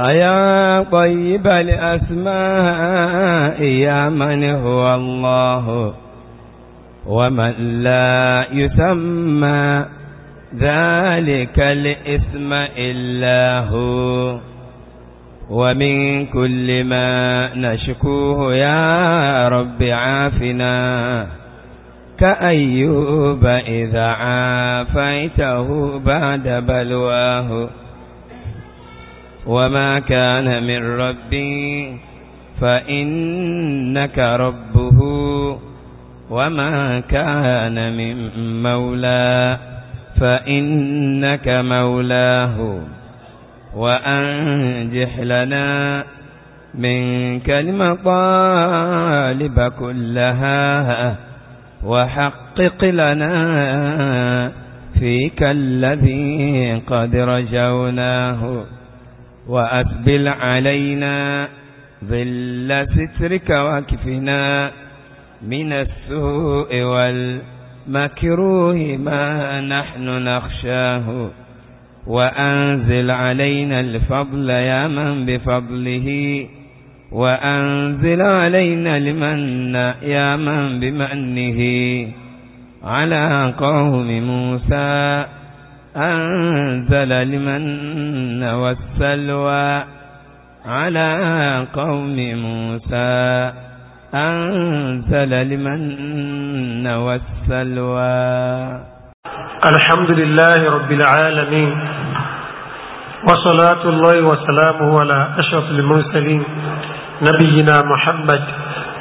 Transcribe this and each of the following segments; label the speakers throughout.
Speaker 1: أيا طيب الأسماء يا من هو الله ومن لا يسمى ذلك الإثم إلا هو ومن كل ما نشكوه يا رب عافنا كأيوب إذا عافيته بعد بلواه وما كان من ربي فإنك ربه وما كان من مولى فإنك مولاه وأنجح لنا منك المطالب كلها وحقق لنا فيك الذي قد رجوناه وأسبل علينا ظل سترك واكفنا من السوء والمكروه ما نحن نخشاه وأنزل علينا الفضل يا من بفضله وأنزل علينا لمن يا من بمنه على قوم موسى أنزل المن والسلوى على قوم موسى أنزل المن والسلوى الحمد لله رب العالمين وصلاة الله وسلامه على أشرف المرسلين نبينا محمد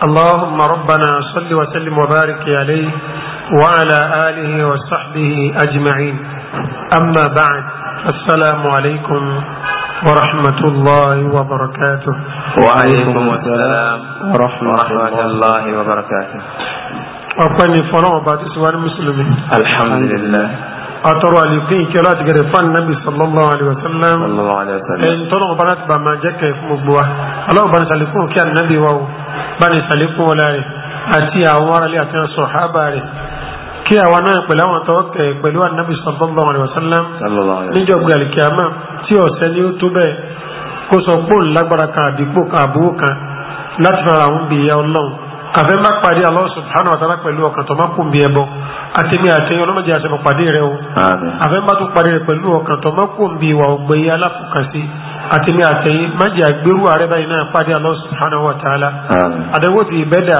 Speaker 1: اللهم ربنا صل وسلم وبارك عليه وعلى آله وصحبه أجمعين أما بعد السلام عليكم ورحمة الله وبركاته
Speaker 2: وعليكم السلام
Speaker 1: ورحمة, ورحمة الله وبركاته أطني فلا بعد سوى المسلمين الحمد لله أترى لقين كلا تقرفان النبي صلى الله عليه وسلم صلى
Speaker 3: الله عليه وسلم إن
Speaker 1: طلق بنات بما جاك في مبوه الله بنا سليكون كان النبي وهو بنا سليكون ولا أتي أعوار لأتنا صحابة kí àwa náà pẹ̀lú àwọn tó kẹ̀ pẹ̀lú ànábì sallallahu alaihi wasallam níjọ́ gbé àlìkíyàmá tí ọ̀sẹ̀ ni ó tó bẹ́ẹ̀ kó sọ pòun lágbára kan àdìpò kan àbúrò kan láti fara àwọn bí ìyá ọlọ́run kàfẹ́ má pàdé Allah subhanahu wa ta'ala pẹ̀lú ọkàn tó má kún bí ẹbọ àtẹ̀mí àtẹ̀yìn ọlọ́mọdé àṣẹmọ̀ pàdé rẹ o àfẹ́ má tún pàdé rẹ pẹ̀lú ọkàn tó má kún bí ìwà ọgbẹ́ yìí aláfọkànsí àtẹ̀mí àtẹ̀yìn má jẹ́ àgbérú báyìí náà pàdé Allah subhanahu wa ta'ala ti ìbẹ́dà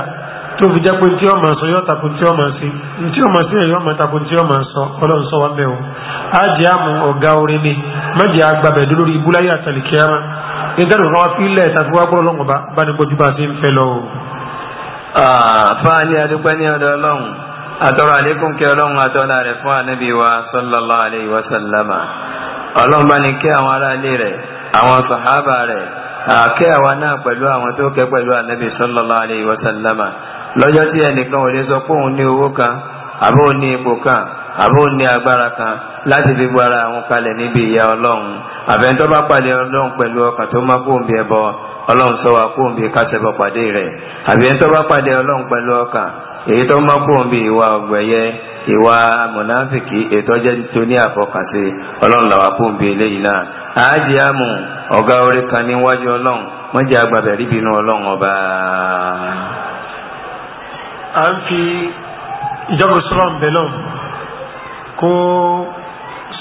Speaker 1: tó fi jẹ́ pé tí ọmọ sọ yọ́ tako tí ọmọ sí tí ọmọ sí ẹ̀yọ́ ọmọ tako tí ọmọ sọ ọlọ́run sọ wá bẹ̀ o á àmú ọ̀gá orin ni mẹ́jẹ̀ agbábẹ̀ dó lórí ibúláyé àtàlìkí ara nítorí wọn fi lẹ̀ tàbí wá gbọ́dọ̀ lọ́wọ́ bá ní gbójú bá sí ń fẹ́ lọ o. fáàlì adúpẹ́ ní ọ̀dọ̀ ọlọ́run àtọ́rọ̀ àlékún kí ọlọ́run àtọ́lá rẹ̀ fún ànábì wa sallallahu alaihi wa sallama ọlọ́run bá ní kí àwọn aráalé rẹ̀ àwọn sàhábà rẹ̀ àkẹ́ àwa sallallahu alaihi lọ́jọ́ tí ẹnìkan ò lè sọ pé òun ní owó kan àbó ní ipò kan àbó ní agbára kan láti fi gbára àwọn kalẹ̀ níbi ìyà ọlọ́run àfẹ́ntọ́ bá pàdé ọlọ́run pẹ̀lú ọkàn tó má kóńbi ẹbọ ọlọ́run sọ wá kóńbi kásẹ̀bọ̀ pàdé rẹ̀ àfẹ́ntọ́ bá pàdé ọlọ́run pẹ̀lú ọkàn èyí tó má kóńbi ìwà ọ̀gbẹ̀yẹ ìwà mọ̀náfìkì ètò jẹ́ tó ní àfọkànsí ọlọ́run làwà kóńbi eléyìí náà àájì àmù ọ̀gá orí kan níwájú ọlọ́run wọ́n jẹ́ agbábẹ̀ríbinú ọlọ́run ọba à ń fi ìjọba islam belong kó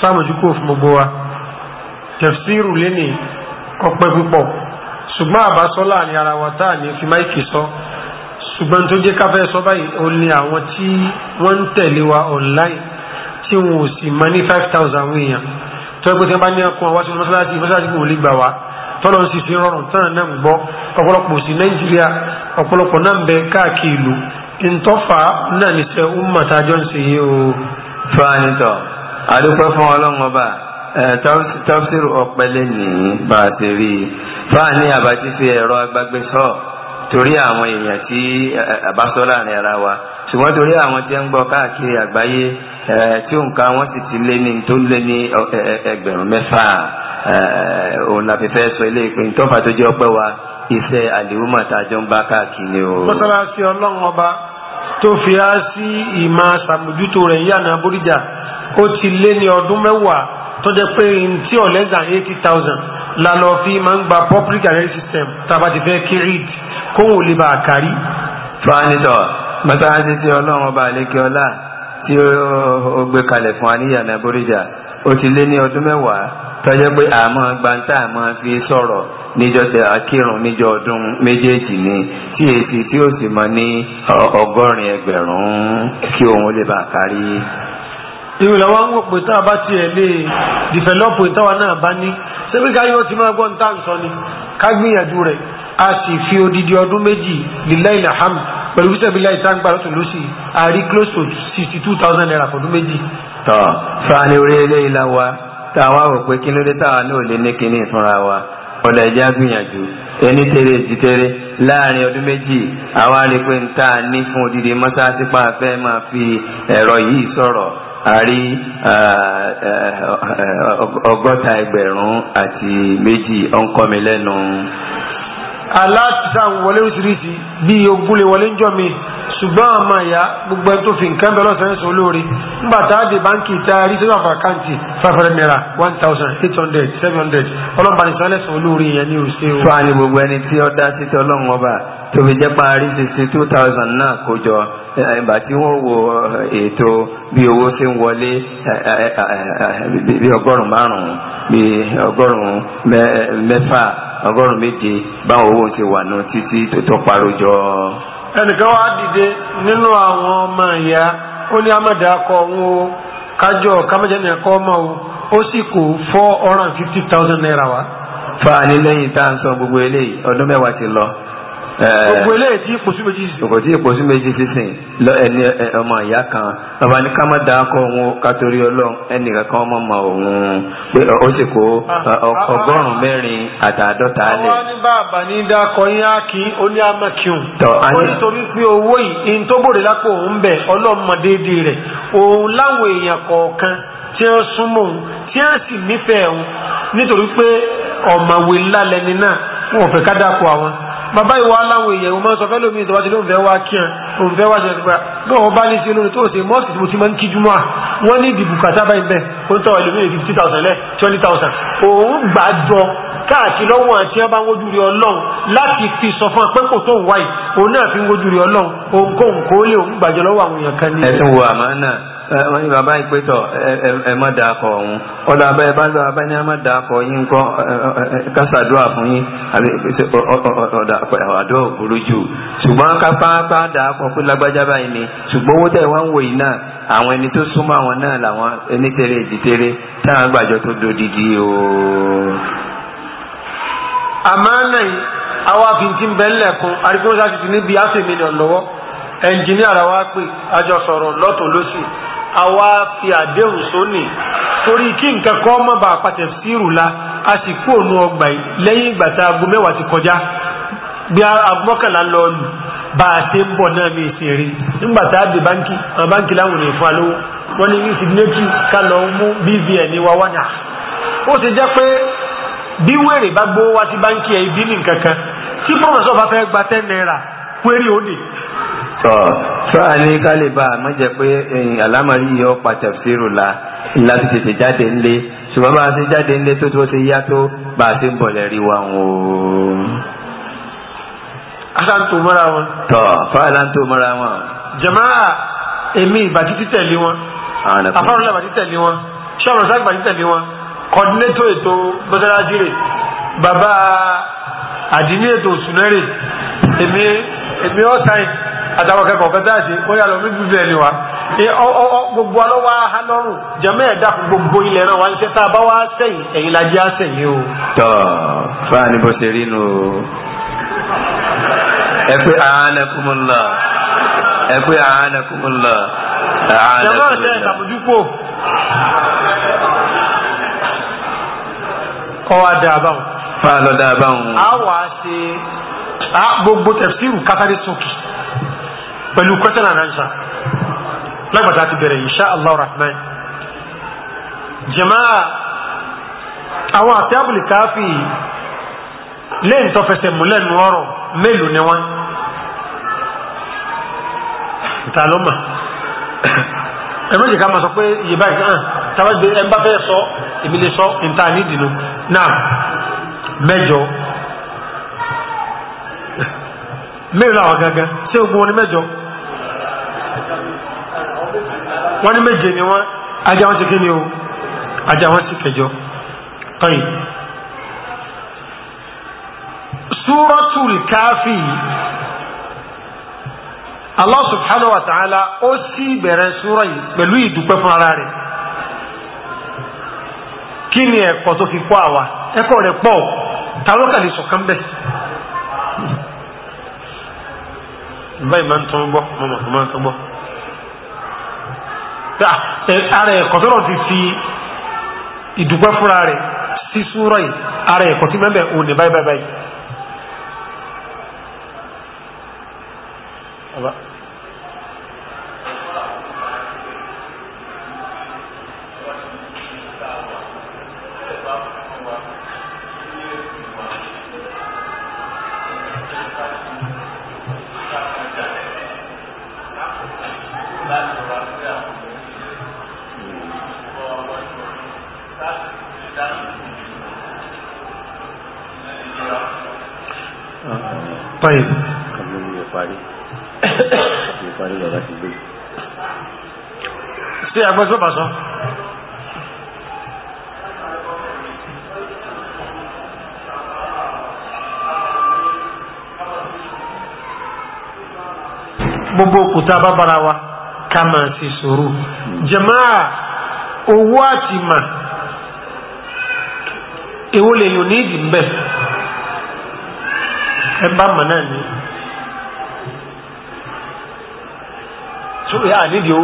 Speaker 1: sáàmójúkú fún gbogbo wa tẹ̀fsíìrù léni kọpẹ́ púpọ̀ ṣùgbọ́n àbásọ́lá ni ara wa táà ní fi máìkì sọ ṣùgbọ́n tó jẹ́ káfẹ́ sọ báyìí ó ní àwọn tí wọ́n ń tẹ̀lé wa online tí wọn ò sì mọ ní five thousand àwọn èèyàn tó ẹgbẹ́ tí wọ́n bá ní ọkùn àwọn aṣọ mọ́sálásí mọ́sálásí kò lè gbà wá tọ́lọ́ sì fi rọrùn tán náà gbọ́ ọ̀pọ̀lọpọ̀ sí Nàìjíríà ọ̀pọ̀lọpọ̀ náà ń bẹ káàkiri ìlú ntọ́fà náà ní sẹ́ umma tá a jọ ń ṣe yìí o. fúnanitọ àdúpẹ́ fún ọlọ́run ọba tafsir ọ̀pẹ́lẹ́ nìyí bá a ti rí i fúnani àbájí fi ẹ̀rọ agbágbésọ torí àwọn èèyàn tí àbásọ láàrin ara wa ṣùgbọ́n torí àwọn tí ń gbọ́ káàkiri àgbáyé tí òǹkà wọn sì ti lé ní tó lé ní ẹgbẹ̀rún mẹ́fà òun la fi fẹ́ sọ ilé ìpín tọ́fà tó jẹ́ ọpẹ́ wa iṣẹ́ àlèwọ́mà tá a jọ ń bá káàkiri o. mọ́sálásí ọlọ́run ọba tó fi á sí ìmọ̀ sàmójútó rẹ̀ yànnà bóríjà ó ti lé ní ọdún mẹ́wàá tó jẹ́ pé n tí ò less than eighty thousand la lọ fi máa ń gba public air system tàbá ti fẹ́ kí read kóhùn ò lè bá a kárí. fúnánitọ mọ́sálásí tí ọlọ́run ọba àlékè ọlá tí ó gbé kalẹ̀ fún wa ní yànnà bóríjà ó ti lé ní ọdún mẹ́wàá tó jẹ́ pé àmọ́ gbantá àmọ́ fi sọ̀rọ̀ níjọ́ tẹ akírun níjọ́ ọdún méjèèjì ni tí èsì tí ó sì mọ ní ọgọ́rin ẹgbẹ̀rún kí òun lè bá kárí. irú ìlànà wọn ń wò pé tá a bá tiẹ̀ lè dìfẹ̀lọ́pù ìtawà náà bá ní sẹ́bí ká yóò ti máa gbọ́ ní táǹsọ ni ká gbìyànjú rẹ̀ a sì fi odidi ọdún méjì lílẹ̀ ìlàhàm pẹ̀lú bísẹ̀ bílẹ̀ ìtàǹgbà lọ́sùn lọ́sì àrí close to sixty two thousand naira fọdún méjì. tọ́ fani orí eléyìí la wa táwa rò pé kí ló dé táwa náà lè ní kíní ìfúnra wa ọ̀dà ìjà gbìyànjú ẹni tẹ́lẹ̀ ti tẹ́lẹ̀ láàrin ọdún méjì àwa rí pé ń tà ní fún odidi mọ́sáàsì pàfẹ́ máa fi ẹ̀rọ yìí sọ̀rọ̀ àrí ọgọ́ta ẹgbẹ̀rún àti méjì ọ̀nkọ́mi lẹ́nu. aláàtì wọlé oṣù rí ti ogúnlé wọlé ń jọ mi ṣùgbọ́n àmà ìyá gbogbo ẹni tó fi nǹkan bẹ̀rẹ̀ lọ́sẹ̀ banki olóore nígbà tá báńkì sínú naira one thousand eight hundred seven yẹn ní òṣè o. fún gbogbo ẹni tí ó dá títí ọlọ́run ọba tó fi jẹ́ parí two thousand náà kó jọ ìgbà tí wọ́n wo ètò bí owó ṣe ń wọlé bí ọgọ́rùn-ún márùn-ún bí ọgọ́rùn títí tó tó ẹnìkan wá dìde nínú àwọn ọmọ ìyá ó ní amẹ́dàkọ òun o kájọ kámẹ́jẹ́ ní ẹ̀kọ́ ọmọ o ó sì kó four hundred and fifty thousand naira wá. fáàní lẹ́yìn tá à gbogbo eléyìí ọdún mẹ́wàá ti lọ. Eh, gbogbo eléyìí tí kò méjì sísìn. kò sí méjì lọ ẹni ọmọ kan bàbá ní ká má da ọkọ òun kátórí Ọlọ́run kankan ọmọ ọmọ òun pé ó sì kó ah, ah, ah, ọgọ́rùn mẹ́rin àtàdọ́ta lẹ. àwọn ní bàbá ní yín kí ó ní tọ́ nítorí pé owó yìí ní tó bòrè lápò òun bẹ̀ ọlọ́mọdéédé rẹ̀ òun láwọn èèyàn kọ̀ọ̀kan tí súnmọ́ tí sì bàbá ìwà aláwọ̀ èèyàn ò máa sọ fẹ́lẹ̀ omi ìtọ́wájú lóun fẹ́ wá kí ẹ òun fẹ́ wá ṣe ẹ̀sùn gbà náà wọ́n bá ní sí olórin tó ṣe mọ́ọ̀sì tí ti máa ń kí júmọ́ à wọ́n ní ìdìbò kàtà báyìí bẹ́ẹ̀ ó ń tọ́ ẹlòmíràn fifty thousand lẹ́ twenty thousand òun gbà jọ káàkiri lọ́wọ́ àti ẹ bá ń wojú rí ọlọ́run láti fi sọ fún apẹ́kọ̀ tó ń wáyìí òun náà fi ń wojú rí ọlọ́run òun kò òun gbàjọ lọ́wọ́ àwọn èèyàn kan ní. ẹ tún wo àmọ́ náà wọ́n ní bàbá ìpẹ́tọ̀ ẹ má da akọ̀ ọ̀hún ọ̀dọ̀ abẹ́ ẹ bá sọ abẹ́ ní ẹ má da akọ̀ yín kọ́ kásàdúrà fún yín àdó òkúrú jù ṣùgbọ́n kápápá da akọ̀ pé lágbájá báyìí ni ṣùgbọ́n owó tẹ̀ wọ́n ń wò yìí náà àwọn ẹni tó súnmọ́ àwọn náà làwọn ẹni tẹ̀lé ìdítẹ́lé táwọn àgbàjọ tó dodidi o. àmọ́ náà àwa fi ti ń bẹ́ńlẹ̀ fún arígbóńsá ti ti níbi áfẹ́ mílíọ̀nù lọ́wọ́ ẹnjìníà ra wá pè àjọ sọ̀rọ̀ lọ́tọ̀ lóṣù fi àdéhùn sóní torí kí nǹkan kọ́ mọ́ bá la a sì kú òun ọgbà lẹ́yìn ìgbà ti kọjá bí aago lọ nù bá a ṣe ń bọ̀ náà mi ṣe rí nígbà a dé báńkì àwọn báńkì ní ní ká lọ bvn wa ó ti jẹ́ pé bí wèrè bá gbówó ibi nìkankan tí bá fẹ́ tọ́ sọ́ra ní kálíbà má jẹ́ pé eh, àlámọ̀rí yìí ó pa tẹ̀síìrù la ńlá ti tètè jáde ńlé ṣùgbọ́n bá a ṣe jáde ńlé tó tó ṣe yá tó bá ṣe ń bọ̀lẹ̀ rí wa ń o. aláǹtò mọ́ra wọn. tọ́ fún aláǹtò mọ́ra wọn. jamaa èmi ìbàdí títẹ̀lé wọn afárúlẹ̀ ìbàdí tẹ̀lé wọn ṣọ́ọ̀rọ̀ sáà ìbàdí tẹ̀lé wọn kọ́dínétò ètò mọ́sálásí rẹ̀ bàbá àdínní ètò emi emi èmi time àtàwọn akẹ́kọ̀ọ́ kan tá a ṣe ó yà lọ mí bí bẹ́ẹ̀ ni wa gbogbo alọ́wọ́ alọ́rùn jẹ́mẹ́ ẹ̀dá gbogbo ilẹ̀ náà wá ń ṣe tá a bá wá sẹ́yìn ẹ̀yìn la jẹ́ àṣẹyìn o. tọ́ fáà ni bó ṣe rí nu ẹ pé àánẹkùmùlà ẹ pé àánẹkùmùlà àánẹkùmùlà. jẹ́mọ́ ọ̀sẹ̀ ìṣàbójúkò. kọ́wá dáa báwọn. fáà lọ dáa báwọn. a wàá ṣe gbogbo tẹ̀síìrù kátàrí sókè. balu kwatana nan sa la ba ti bere insha Allah rahman jamaa awa tabul kafi len to fese mulen woro melu ne won taloma e ma je ka ma so pe ye bai ah ta ba de so emi so en ta ni na mejo mejo la gaga se o wọ́n ní méje ni wọ́n ajá wọn ti kí ni o ajá wọn ti kẹjọ ọyìn súrọ́tùl káfí Allah subhanahu wa ta'ala ó sì bẹ̀rẹ̀ súrọ́ yìí pẹ̀lú ìdúpẹ́ fún ara rẹ̀ kí ni ẹ̀kọ́ tó fi kọ́ àwa ẹ̀kọ́ rẹ̀ pọ̀ ta ló kàlè báyìí máa ń tún gbọ́ mọ́mọ́ máa ń tún gbọ́. Ah, ara ẹ̀kọ́ tọ́lọ̀ ti fi ìdúpẹ́ fúnra rẹ̀ sí súrọ̀ yìí ara ẹ̀kọ́ tí mẹ́bẹ̀ òun ní báyìí
Speaker 3: báyìí tọ́yìn.
Speaker 1: ṣé agbẹ́sọ́ bá sọ. gbogbo òkúta bá bára wa ká máa ṣe sùúrù jàmáà owó àti mà èwo lèyàn ní ìdí mbẹ́ ẹ bá ni sórí ànídìí o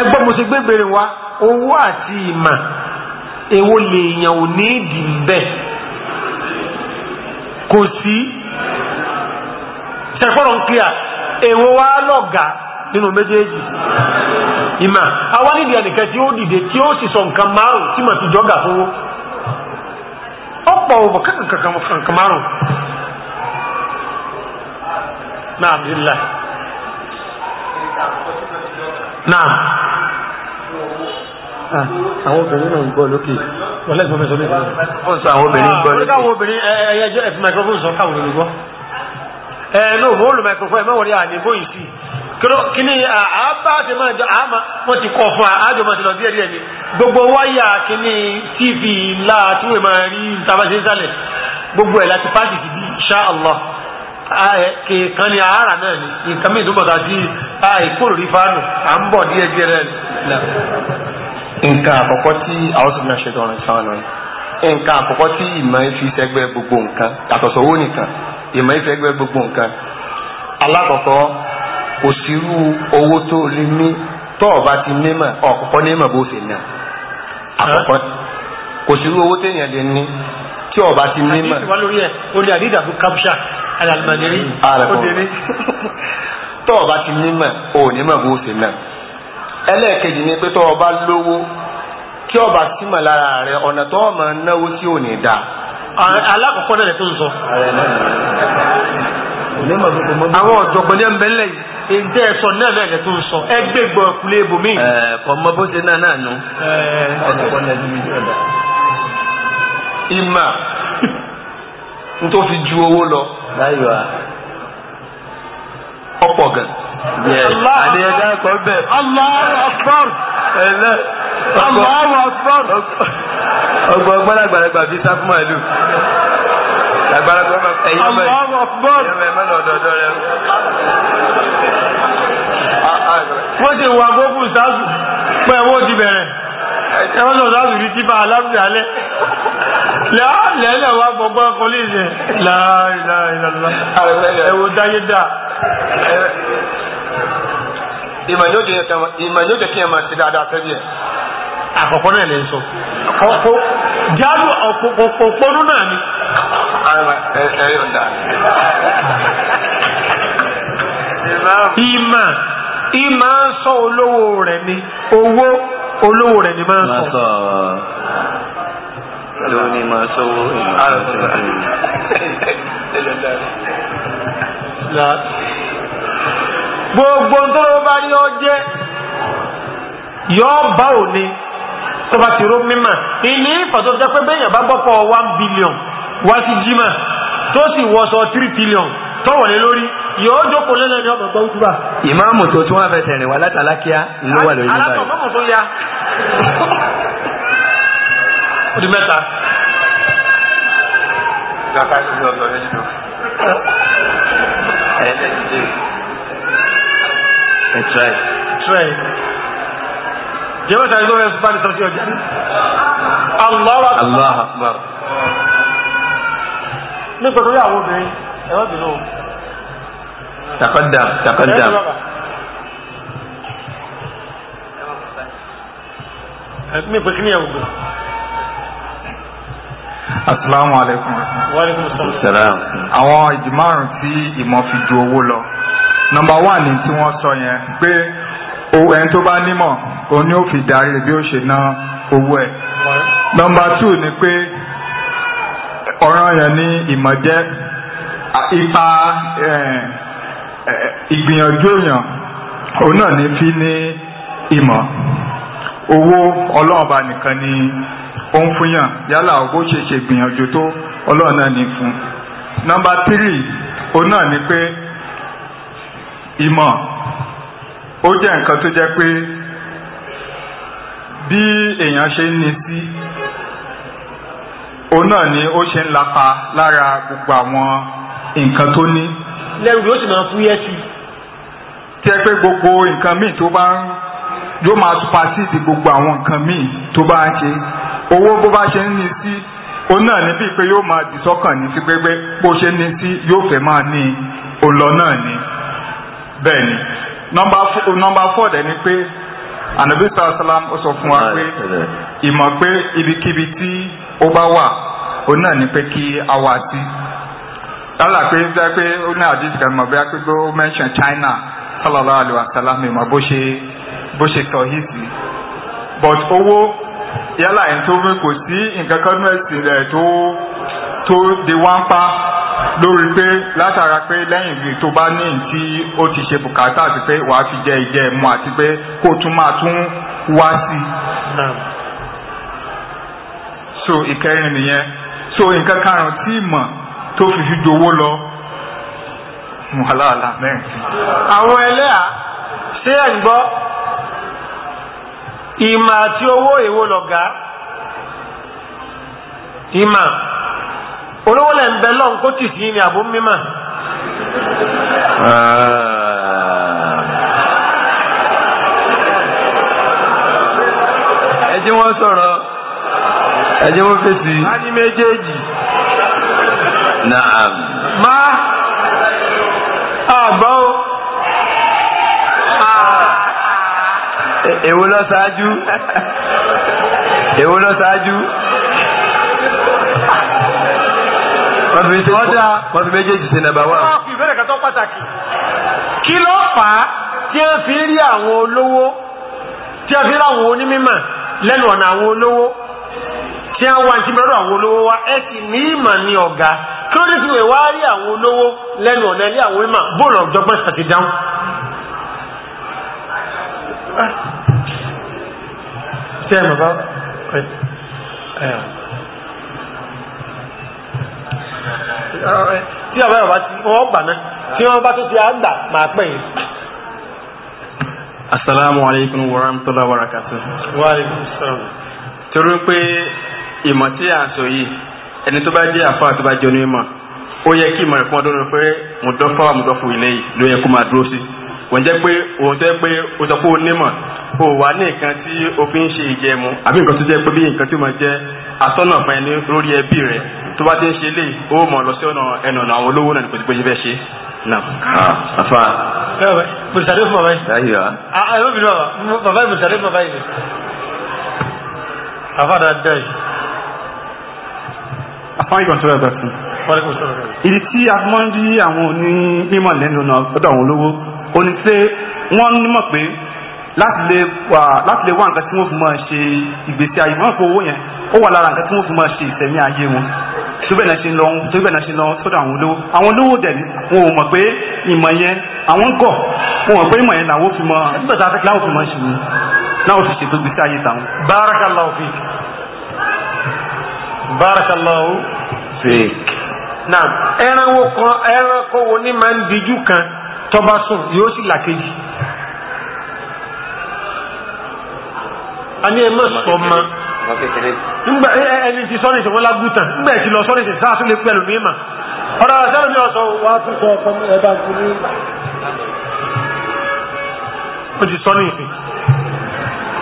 Speaker 1: ẹgbọ́n mo ti gbé bèrè wa owó àti ìmọ̀ èwo lèèyàn ò ní ìdì bẹ́ẹ̀ kò sí ṣẹ̀fọ́rọ̀ ń kíyà èwo wá lọ́gàá nínú méjèèjì ìmọ̀ àwọn nídìí ẹnìkan tí ó dìde tí ó sì sọ nǹkan márùn-ún tí mà ti jọ́gà fún wọn ọ̀pọ̀ kankan márùn-ún نعم لله نعم lọ kìkan ni ara náà e ni nǹkan mìíràn bọ̀dá sí ìkóró rí fánù à ń bọ̀ ní ẹgbẹ́ rẹ̀ nà. nǹkan àkọ́kọ́ tí àwọn sọ̀rọ̀ ṣe tọrọ nka akọkọ nǹkan àkọ́kọ́ tí ìmọ̀ gbogbo nǹkan yàtọ̀ sọ́wọ́ nìkan ìmọ̀ gbogbo nǹkan alákọ̀ọ́kọ́ kò owó tó tó ti mímọ̀ ọ̀kọ̀ọ̀kọ́ tí ọba ti ní mọ̀. àdìsí wá lórí ẹ̀ o ní àdìsí àbú kapsha mm, ọba ti ní mọ̀ o ní mọ̀ bó ṣe náà. ẹlẹ́ẹ̀kejì ni pé tọ́ ọba lówó tí ọba ti mọ̀ lára rẹ̀ ọ̀nà tó ọmọ náwó tí ò ní dáa. alákọ̀ọ́kọ́ náà lè tó ń sọ. àwọn ọ̀jọ̀gbọ́n ní ẹ̀ńbẹ́ lẹ́yìn ǹjẹ́ ẹ̀sọ́ náà lẹ́yìn tó ń sọ ẹgbẹ́ gbọ́ kulé ibòmíì. ọmọ bó ṣe náà náà nù. ọ̀nà ìmà nítorí ju owó lọ. láyọ̀ a. ọ̀pọ̀ gan. àdéhùn
Speaker 3: akọ bẹ́ẹ̀. Allahu Akbar. ẹlẹ. Allahu Akbar.
Speaker 1: ọgbọ gbọdọgbàdàgbà bíi sáfùmá ìlú. gbàgbàdàgbà ẹyin ọmọ yìí.
Speaker 3: Allahu Akbar. ẹyin ọmọ yìí má lọ ọdọọdọ rẹ.
Speaker 1: wọ́n ti wà gbókùn sáàsù pé ẹ̀wọ́n ti bẹ̀rẹ̀ ẹwọ́n lọ láti rí tí bá aláàbì alẹ́ lẹ́lẹ̀ wá gbogbo ẹkọ lè ṣe láàrínláà ẹwọ dáyé dà ìmọ̀ jẹ́ kí ẹ máa ṣe dáadáa tẹ́bí ẹ̀ àkọ́kọ́ náà lè sọ jálù ọ̀pọ̀pọ̀nú náà ni ìmọ̀ ìmọ̀ sọ olówó rẹ̀ ni owó olówó rẹ̀ ni máa ń sọ. lóní máa sọ́wọ́ ìmọ̀ ah, gbogbo tó bá ní ọ jẹ́ yọ bá òní tó bá ti ró mímọ̀ ìní ìfọ̀tọ́ jẹ́ pé bẹ́yàn bá gbọ́pọ̀ one billion wá sí jimá tó sì wọ́sọ three billion tó wọlé lórí yóò jókòó lẹ́nu ẹni ọmọ gbọ́n túbà. ìmáàmù tó tún wá fẹ́ tẹ̀rìn wá látàlá kíá ló wà lórí báyìí. alákọ̀ mọ́mọ́ tó ya. ó di mẹ́ta. kàkà sí ní ọ̀dọ́ nínú. ẹ̀ẹ́dẹ́gbẹ̀dẹ́. ẹ tíráì. tíráì. jẹ́wọ́ sáré lọ́wọ́ ẹ̀sùn báyìí sọ́sí ọjà.
Speaker 3: Allahu Akbar.
Speaker 1: nípa tó yà wọ́n bẹ̀rẹ̀ ẹ̀rọ تقدم
Speaker 2: تقدم asalaamu aleykum. waaleykum salaam. àwọn ìdìmọ̀ràn tí ìmọ̀ fi ju owó lọ. nọ́mbà wà ní tí wọ́n sọ yẹn pé ẹni tó bá nímọ̀ òun ni ó fi darí bí ó ṣe ná owó ẹ̀. nọ́mbà tù ni pé ọ̀ranyàn ni ìmọ̀ jẹ́ ipa eh, ìgbìyànjú èèyàn òun náà ní fi ní ìmọ̀ owó ọlọ́run bá nìkan ni ó ń fún yàn yálà owó ṣe ṣe gbìyànjú tó ọlọ́run náà ní fún nọ́mbà tírì òun náà ni pé ìmọ̀ ó jẹ́ nǹkan tó jẹ́ pé bí èèyàn ṣe ń ní sí òun náà ni ó ṣe ń lapa lára gbogbo àwọn nǹkan tó ní lẹ́rù yóò sì máa fúyẹ́ sí. tẹ́ pé gbogbo nǹkan míì tó bá ń yóò máa supersede gbogbo àwọn nǹkan míì tó bá ń ṣe owó bó bá ṣe ń ní sí òun náà níbi pé yóò máa dì sọ́kàn ní sí pẹ́pẹ́ bó ṣe ní sí yóò fẹ́ máa ní òlọ náà ní bẹ́ẹ̀ ni nọmba fọ́ dẹ̀ ni pé anabi sàlám ó sọ fún wa pé ìmọ̀ pé ibikíbi tí ó bá wà òun náà ní pé kí a wá sí yálà pé fẹ́ pé ó ní àdìsí kan mọ̀ bóyá pé ó mẹ́ṣàn China sallallahu alaihi wasallam e mọ̀ bó ṣe bó ṣe sọ yìí sí but owó yálà ẹni tó fẹ́ kò sí nǹkan kan nú ẹ̀sìn rẹ̀ tó tó di wá ń pa lórí pé látara pé lẹ́yìn ìgbì tó bá ní tí ó ti ṣe bùkátà àti pé wàá fi jẹ ìjẹ mu àti pé kó tún máa tún wá sí i so ìkẹrin e e nìyẹn so nǹkan karùn tí mọ̀ tó fi fi jowó lọ wàhálà mẹ́rin.
Speaker 1: àwọn ẹlẹ́à ṣé ẹ̀ ń gbọ́ ìmọ̀ àti owó èwo lọ̀gá ìmọ̀ olówó lẹ̀ ń bẹ lọ́n kó tì sí ní àbó mímọ̀. ẹ jẹ́ wọ́n sọ̀rọ̀
Speaker 3: ẹ jẹ́ wọ́n fèsì. a
Speaker 1: ní méjèèjì. نعم ما àgbọ́ o. Èwo lọ ṣáájú? Èwo lọ ṣáájú? Wọ́n fi méjèèjì sí nàbà wá. Wọ́n fi ìbéèrè kan tó pàtàkì. Kí ló fà á tí a fi rí àwọn olówó tí a fi rí àwọn onímọ̀ lẹ́nu ọ̀nà àwọn olówó tí a wá ìtìmọ̀lọ́dọ̀ àwọn olówó wa ẹ sì ní ìmọ̀ ní ọ̀gá. ní ti wẹ̀ wá rí àwọn olówó lẹ́nu ọ̀nà ilé àwọn ìmọ̀ bóòlù ọ̀jọ̀gbọ́n ṣàti dáhùn.
Speaker 3: tẹ́ ẹ̀ bàbá tí
Speaker 1: tí wọ́n gbà náà tí wọ́n bá tó ti àgbà máa pẹ́
Speaker 2: wa rahmatulah wa wa salaam. torí pé ìmọ̀ tí a ẹni tó bá jẹ́ àfa ó yẹ kí ìmọ̀ràn fún ọdún pé mùdọ́fà wà mùdọ́fù ilé yìí ló yẹ kó máa dúró sí wọ́n jẹ́ pé òun jẹ́ pé ó sọ pé ó nímọ̀ ó wà ní nǹkan tí ó fi ń ṣe ìjẹmu àbí nǹkan tó jẹ́ pé bí nǹkan tí ó máa jẹ́ atọ́nà fún ẹni lórí ẹbí rẹ̀ tó bá ti ń ṣe lè ó mọ̀ lọ sí ọ̀nà ẹnu ọ̀nà àwọn olówó náà ní kòtò fẹ́ ṣe
Speaker 3: náà. àfa.
Speaker 1: bùsàdé fún bàbá yìí. dáhìí wa. obìnrin wa bàbá
Speaker 2: yìí bùsàdé ìdí tí a fi máa ń rí àwọn oní mímọ̀ lẹ́nu náà lọ́dọ̀ àwọn olówó oní tí wọ́n nímọ̀ pé láti lè wá nǹkan tí wọ́n fi máa ṣe ìgbésí ayé wọn fowó yẹn ó wà lára nǹkan tí wọ́n fi máa ṣe ìsẹ̀mí ayé wọn tóbẹ̀ náà ṣe lọ tóbẹ̀ náà ṣe lọ sọ́dọ̀ àwọn olówó àwọn olówó dẹ̀ ni wọn ò mọ̀ pé ìmọ̀ yẹn àwọn ń gọ̀ wọn ò pé ìmọ̀ yẹn làwọn fi mọ nígbà tá a fẹ́ láwọn fi mọ ṣe ni láwọn fi ṣètò gbèsè ayé táwọn.
Speaker 3: barakallahu fik
Speaker 1: barakallahu fik náà ẹranko kan ẹranko wo ni máa ń dijú kan tó bá sùn yóò sì là kejì. a ní ẹ má sọ ma ngba ẹni tí sọ́ni ìṣẹ̀wọ́n lágùtàn ngba ẹ̀sìn lọ sọ́ni ìṣẹ̀ sáà tún lè pẹ́ lómi mà ọ̀rọ̀ àṣẹ mi ọ̀sọ̀ wà tún sọ ọ̀kan ẹ̀dá fún mi. ó ti sọ ní ìsìn.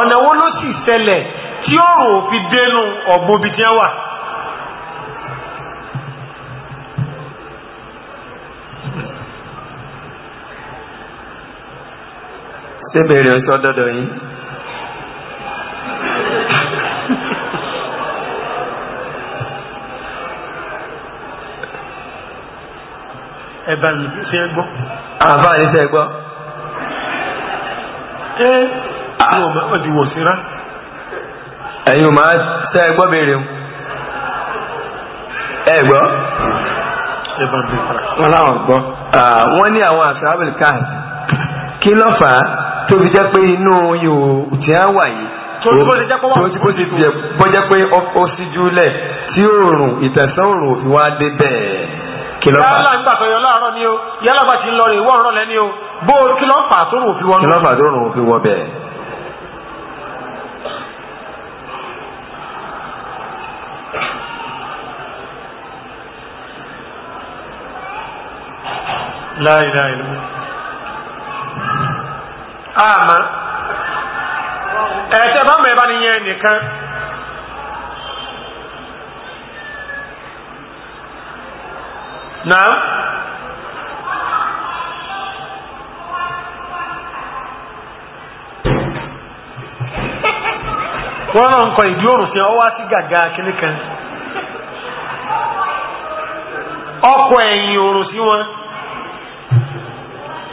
Speaker 1: ọ̀nà wo ló sì ṣẹlẹ̀ tí òòrùn ò fi dénú ọ̀gbun ibi tí wọ́n wà. sébèrè ọjọ́ dọ́dọ̀ yín. ẹ̀bà ní àbá ní ṣe ẹ̀yin ma tẹ́ ẹgbọ́ bèèrè ẹgbọ́ wọ́n láwọn gbọ́ wọ́n ní àwọn àṣàbìl káàdì kí ló fà á tó fi jẹ́ pé inú yòó tí a wà yìí tó ti jẹ́ pé ó síjú lẹ̀ tí oòrùn ìtẹ̀sán oòrùn ìwà dé bẹ́ẹ̀ kìlọ́fà. yálà ń gbàtọ̀ yọ láàárọ̀ ni o yálà bá ti ń lọ rè wọ́n rọ̀ lẹ́ni o bó kìlọ́fà tó rùn fi wọ́n. kìlọ́fà tó rùn fi wọ́n bẹ́ẹ̀.
Speaker 4: لا إله إلا الله
Speaker 1: àmà ẹ̀ẹ́tẹ́ bá mọ̀ ẹ̀bá níyẹn nìkan náà wọ́n náà ń kọ ìdí òrùn sí sí gàgà kìnnìkan ọkọ̀ ẹ̀yìn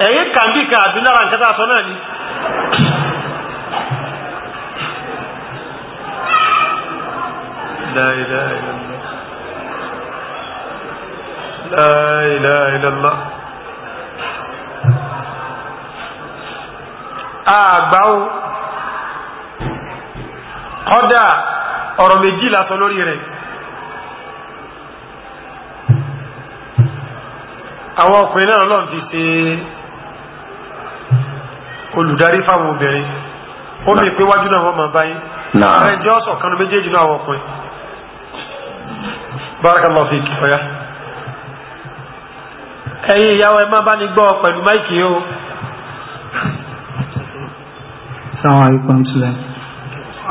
Speaker 1: ẹ̀yìn kàǹdí kan àbí lára nǹkan tá a sọ náà ni.
Speaker 3: La ilaha illallah.
Speaker 1: La ilaha illallah. àgbà o kọ́dà ọ̀rọ̀ méjì la lórí rẹ̀ àwọn ọkùnrin náà lọ́n ti ṣe olùdarí fáwọn obìnrin ó lè pé wájú náà wọ́n máa báyìí ààrẹ jẹ́ ọ̀sọ̀ kan méjèèjì náà wọ́n pin barakallahu fi kìfọ́yà ẹ̀yin ìyàwó ẹ máa bá ní gbọ́ pẹ̀lú máìkì o.
Speaker 4: sáwọn àríkọ́ tilẹ̀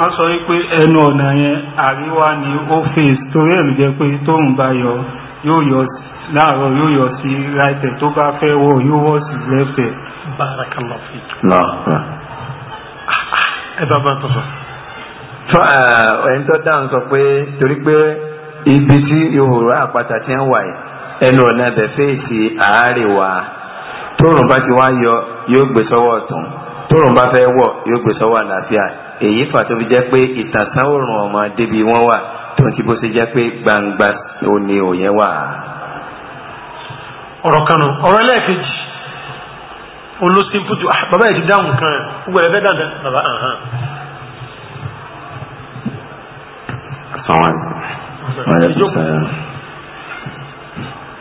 Speaker 2: a sọ wípé ẹnu ọ̀nà yẹn àríwá ni ó fèsì torí ẹ̀ ló jẹ́ pé tóun bá yọ yóò yọ láàárọ̀ yóò yọ sí ráìtẹ̀ tó bá fẹ́ wọ̀ yóò wọ̀ sí lẹ́fẹ̀ẹ́ بارك الله
Speaker 3: فيك نعم ẹ bá bá tọ́sọ.
Speaker 1: fún ẹni tó dáhùn sọ pé torí pé ibi tí ìhòòhò àpáta ti ń wà yìí ẹnu ọ̀nà ẹ̀bẹ̀ fèsì àárẹ̀ wa tóòrùn bá ti wá yọ yóò gbé sọ́wọ́ ọ̀tún tóòrùn bá fẹ́ wọ̀ yóò gbé sọ́wọ́ àlàáfíà èyí fà tó fi jẹ́ pé ìtànsán òòrùn ọmọ débi wọ́n wà tó ń ti bó ṣe jẹ́ pé gbangba òní òyìn wà. ọ̀rọ̀ kanu ọ̀rọ̀ ẹlẹ́ẹ̀kejì olóṣin fújú ah, bàbá yìí ti dáhùn kan gbogbo ẹ̀fẹ́ dáadáa bàbá àhán.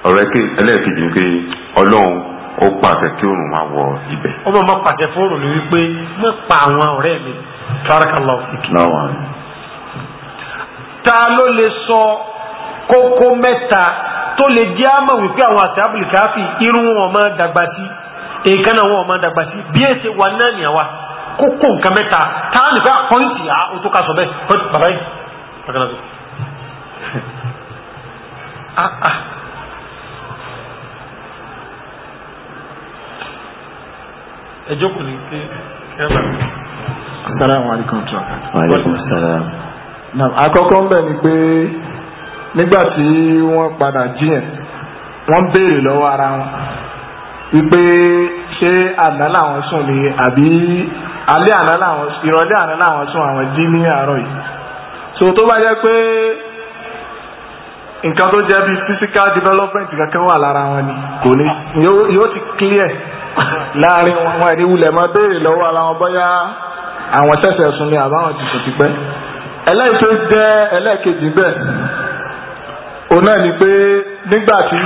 Speaker 2: ọ̀rẹ́ kí ẹlẹ́ẹ̀kejì ni pé ọlọ́run ó pàṣẹ kí òòrùn máa wọ
Speaker 1: ibẹ̀. ó máa pàṣẹ fún òòrùn ni wípé mo pa àwọn ọ̀rẹ́ mi tààràkàlà òfìkì. ta ló lè sọ kókó mẹ́ta tó lè jẹ́ àmọ̀ wípé àwọn àti abúlé káfí irun wọn máa dàgbà sí èèkánná wọn ọmọ dàgbà sí bí ẹ ṣe wà náà ní àwa kókó nǹkan mẹ́ta táwọn nìkan àpọ́ǹtì à ó tó ká sọ bẹ́ẹ̀ bàbá yìí bàbá yìí. Ah, ah. ẹ jókòó ní kí
Speaker 3: ẹ bá. asalaamu alaykum sir. wa aleykum salaam.
Speaker 4: àkọ́kọ́ ń bẹ̀ ni pé nígbà tí wọ́n padà jí yẹn wọ́n béèrè lọ́wọ́ ara wọn wípé ṣé àná làwọn sùn ni àbí alẹ́ àná làwọn ìrọ̀lẹ́ àná làwọn sùn àwọn jí ní àárọ̀ yìí so tó bá jẹ́ pé nǹkan tó jẹ́ bí physical development kankan wà lára wọn ni kò ní yóò ti clear láàrin wọn ẹni wulẹ̀ máa béèrè lọ́wọ́ ara wọn bóyá àwọn ṣẹ̀ṣẹ̀ sùn ni àbáwọn ti sùn tipẹ́ ẹlẹ́yìí tó jẹ́ ẹlẹ́ẹ̀kejì bẹ́ẹ̀ òun náà ni pé nígbà tí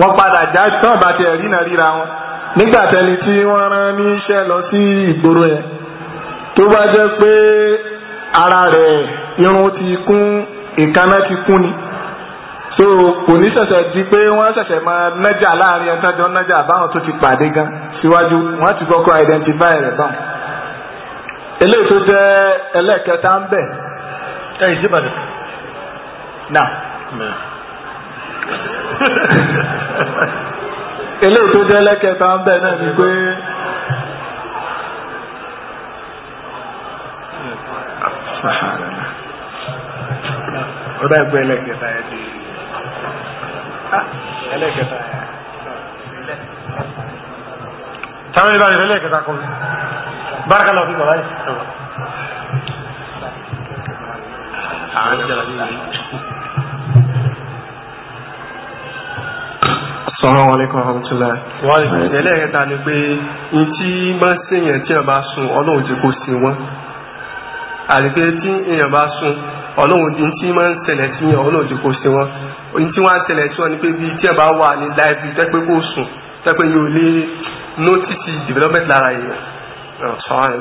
Speaker 4: wọ́n padà já tán àbàtì ẹ̀rí náà ríra wọn nígbà tẹni tí wọ́n rán ní iṣẹ́ lọ sí ìgboro yẹn tó bá jẹ́ pé ara rẹ̀ irun ti kún ìkànnà ti kún ni so kò ní ṣẹ̀ṣẹ̀ di pé wọ́n ṣẹ̀ṣẹ̀ máa nájà láàrin ẹ̀ńtá jọ nájà báwọn tó ti pàdé gan síwájú wọ́n ti kọ́kọ́ identify rẹ̀ báwọn. eléyìí tó jẹ́ ẹlẹ́ẹ̀kẹta ń bẹ̀. ẹ ìdíbàdàn. náà eléyìí tó jẹ́ lẹ́kẹta ń bẹ̀ náà ni pé ọ̀dà ìgbẹ́ ẹlẹ́kẹta ẹ̀ di ẹlẹ́kẹta ẹ̀
Speaker 3: sáré ìdájọ́ ẹlẹ́kẹta kọ́ bárakà lọ́ọ́ fi bàbá yìí.
Speaker 4: Assalamu alaikum warahmatullahi. wọ́n lè fi
Speaker 1: ẹlẹ́ẹ̀kẹta ni pé ní tí máa ń
Speaker 4: sèyàn
Speaker 2: tí èèyàn bá sun ọlọ́run ti kó sí wọn
Speaker 4: àti pé tí èèyàn bá sun
Speaker 1: ọlọ́run ti tí máa ń ṣẹlẹ̀ sí yàn ọlọ́run ti kó sí wọn ní tí wọ́n á ṣẹlẹ̀ sí wọn ni pé bí tí èèyàn bá wà ní láìpẹ́ tẹ́pẹ́ kó sùn tẹ́pẹ́ yóò lé nótìsì development lára èèyàn.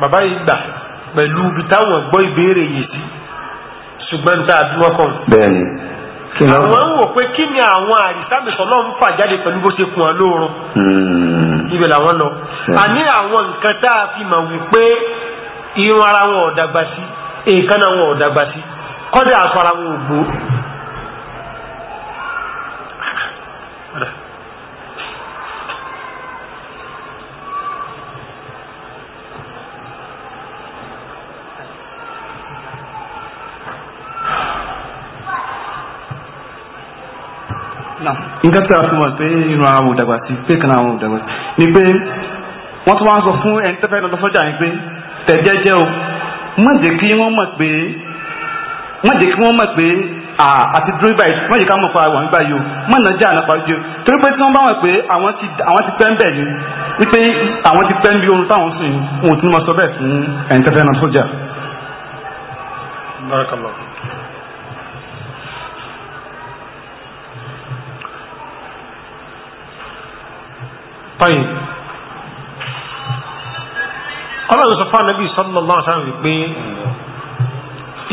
Speaker 1: bàbá yìí gbà pẹ̀lú ibi táwọn gbọ́ ìbéèrè yìí sí ṣùgbọ́n tá a dúró kàn.
Speaker 3: bẹ́ẹ̀ ni àwọn ń
Speaker 1: wò pé kí ni àwọn àrísàmìsọ náà ń fà jáde pẹ̀lú bó ṣe fún ọ lóorun hmm. ibẹ̀ làwọn lọ àní hmm. àwọn nǹkan tá a fi mọ̀ wípé irun ara wọn ò dàgbà sí èèkánná wọn ò dàgbà sí kọ́dà aṣọ ara wọn ò gbó
Speaker 3: nǹkan tí
Speaker 2: a fún wọn pé irun àwọn ò dàgbà sí pé kan àwọn ò dàgbà sí ni pé wọ́n tún wá sọ fún ẹni tẹ́fẹ́ lọ sọ́jà yìí pé tẹ̀jẹ́jẹ́ o
Speaker 1: má jẹ́ kí wọ́n mọ̀ pé má jẹ́ kí wọ́n mọ̀ pé àti dúró báyìí má jẹ́ ká mọ̀ pa àwọn báyìí o má nà jẹ́ àná pàjọ torí pé tí wọ́n bá wọ̀ pé àwọn ti àwọn ti pẹ́ ń
Speaker 2: bẹ̀ ni wípé àwọn ti pẹ́ ń bí oorun táwọn sùn wọn ò tún mọ sọ bẹ́ẹ̀ fún ẹni tẹ́fẹ́ lọ sọ́jà.
Speaker 4: barakallahu.
Speaker 1: fine ọlọ́run sọ fún anábì sallallahu alaihi wasallam wípé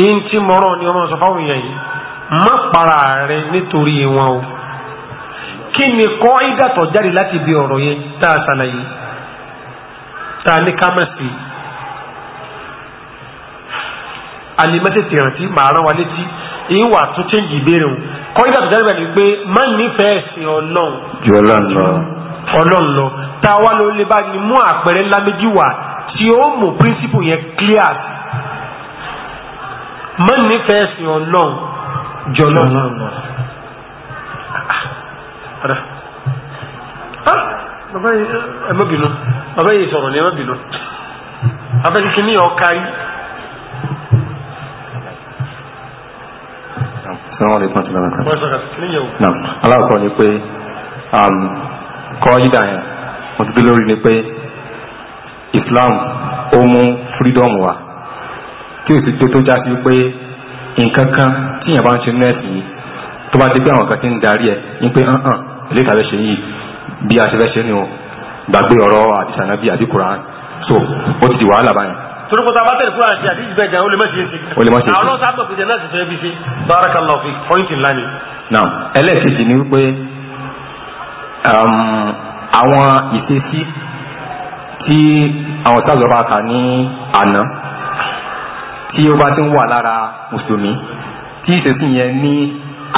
Speaker 1: in tí mọ́rọ̀ ni ọmọ sọ fáwọn èèyàn yìí má para rẹ nítorí wọn o kí ni kọ́ ìdàtọ̀ jáde láti bí ọ̀rọ̀ yẹn tá a ṣàlàyé tá a ní kámẹ́sì alimẹ́tẹ̀tì rántí màá rán wa létí ìwà tó ṣe ń jì béèrè o kọ́ jáde bẹ́ẹ̀ ni pé má nífẹ̀ẹ́ ẹ̀sìn ọlọ́run. jọlá ń ọlọ́run lọ tá a wá ló lè bá ní mú àpẹẹrẹ ńlá méjì wá tí ó mú píríncípù yẹn clear mọ́ nífẹ̀ẹ́ ẹ̀sìn ọlọ́run jọlọ. Ah, bàbá yìí ẹ má bínú bàbá yìí sọ̀rọ̀ ni ẹ má bínú abẹ́ni kìíní yọ kárí. Salaam alaikum wa rahmatullahi
Speaker 3: wa barakatuh. Naam,
Speaker 1: aláwọ̀ kan ni pé um, kọ́ yídà yẹn mo dúdú lórí ni pé Islam ó mú freedom wá kí o sì tó tó já sí pé nǹkan kan tí yẹn bá ń ṣe nẹ́ẹ̀sì yìí tó bá dé pé àwọn kan ti ń darí ẹ̀ ní pé hàn hàn ilé ìtàwé ṣe yìí bí a ṣe fẹ́ ṣe ni o gbàgbé ọ̀rọ̀ àdìsànà bíi àbí Quran so ó ti di wàhálà báyìí. torí kò sábà tẹ̀lé Quran ṣe àti ìjìbẹ̀ jẹ́ o lè má ṣe é sí. o lè má ṣe é sí. àwọn sábà pèsè náà sì fẹ́ bí sí. barakallahu fi point ńlá ni.
Speaker 2: now ẹlẹ́ẹ̀kejì ni wípé um, àwọn ìṣesí tí àwọn ìtajọba kà ní àná tí ó bá ti ń wà lára mùsùlùmí tí ìṣesí yẹn ní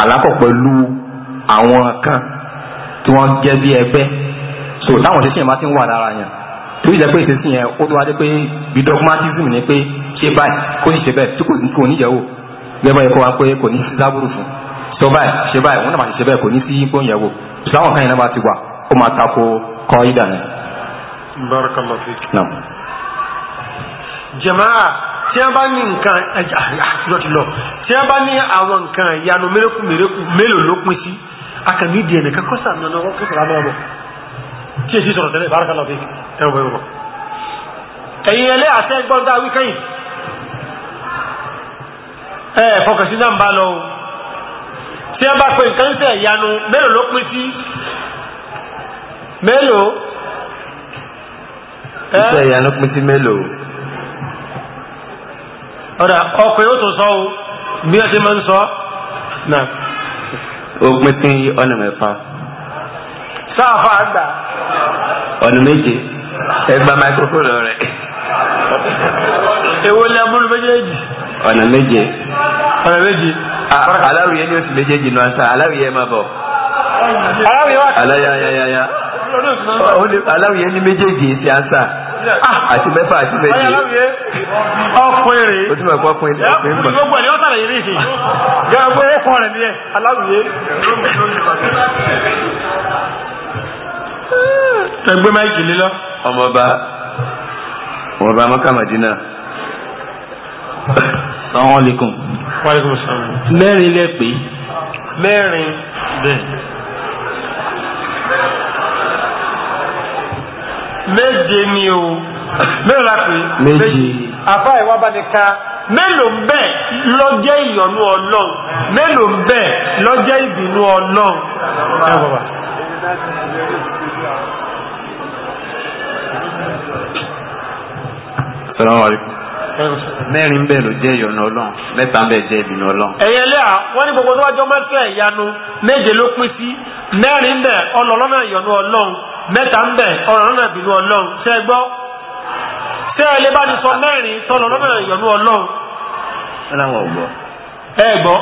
Speaker 1: àlákọ̀ pẹ̀lú àwọn kan tí wọ́n jẹ́ bí ẹgbẹ́ so táwọn ìṣesí yẹn bá ti ń wà lára yẹn tó yẹ pé ìṣesí yẹn ó tó wá dé pé bí dogmatism ni pé ṣe báyìí kò ní ṣe bẹ́ẹ̀ tí kò ní yẹ̀wò gbẹ́bọ̀ ẹ̀kọ́ wa pé kò ní sí dábùrù fún sọ báyìí ṣe báyìí wọn náà máa ṣe bẹ́ẹ̀ kò ní sí gbóyẹ̀wò sọ ó máa tako kọ́ ìdà ni. barakallahu jama'a tí a bá ní nǹkan àtijọ́ ti lọ tí a bá ní àwọn nǹkan ìyanu mérekù mérekù mélòó ló pín sí akànnì ìdí ẹ̀ nìkan kọ́sà nínú ọkọ̀ kọ́sà lábẹ́ ọmọ tí èsì sọ̀rọ̀ tẹ́lẹ̀ barakallahu fiki ẹ̀rọ ẹ̀rọ ẹ̀yin ẹlẹ́ àṣẹ gbọ́ndá wíkẹ́yìn ẹ̀ fọkàn sí náà ń bá lọ tí a bá pe nǹkan ń tẹ̀ ìyanu mélòó ló pín sí melo iṣẹ́ ìyanu pín sí melo ọ̀dà ọkùnrin ó tún sọ o bí ẹ ti máa ń sọ. ó pín sí ọ̀nà mẹ́fà. sáàfà àgbà. ọ̀nà méje ẹ gba máikrófóònù rẹ. èwo ni amúlù méjèèjì. ọ̀nà méje. ọ̀nà méje. aláwìyé ni ó sì méjèèjì nù àṣà aláwìyé máa bọ̀.
Speaker 3: aláwìyé wà. aláyáyáyá
Speaker 1: aláwìyé ní méjèèjì ti ansa ah, àti mẹ́fà àti méje ọkùnrin rèé o ti mọ̀ pé ọkùnrin rèé ọkùnrin mọ̀ gbogbo ẹ̀ ni wọ́n sàlàyé rí ìsìn gbogbo ẹ̀kọ́ rẹ̀ ni ẹ̀ aláwìyé ẹgbẹ́ máìkì lílọ. ọmọọba ọmọọba mọ́kàmàdínà. salaam aleykum. wa aleykum salaam. mẹ́rin lẹ́pẹ́. mẹ́rin bẹ́ẹ̀. méje ni o mélòó la pè é méje àfa ìwà bá ní ká mélòó ń lọ́jẹ́ ìyọ̀nú ọlọ́run mélòó ń
Speaker 3: lọ́jẹ́ ìbínú ọlọ́run. salamu alaikum
Speaker 1: mẹ́rin ló jẹ́ ìyọnu ọlọ́run mẹ́ta bẹ́ẹ̀ jẹ́ ìbínú ọlọ́run. ẹ̀yẹ lẹ́à wọ́n ní gbogbo tó wájú ọmọ ẹ̀sẹ̀ ìyanu méje ló pín sí mẹ́rin ọlọ́lọ́nà ọlọ́run mẹ́ta ń bẹ̀ ọ̀rọ̀ lọ́nà ìbínú ọlọ́run ṣe gbọ́ ṣé ẹ bá ní sọ mẹ́rin tọ́lọ lọ́nà ìyọnú ọlọ́run. ẹ gbọ́. ẹ gbọ́.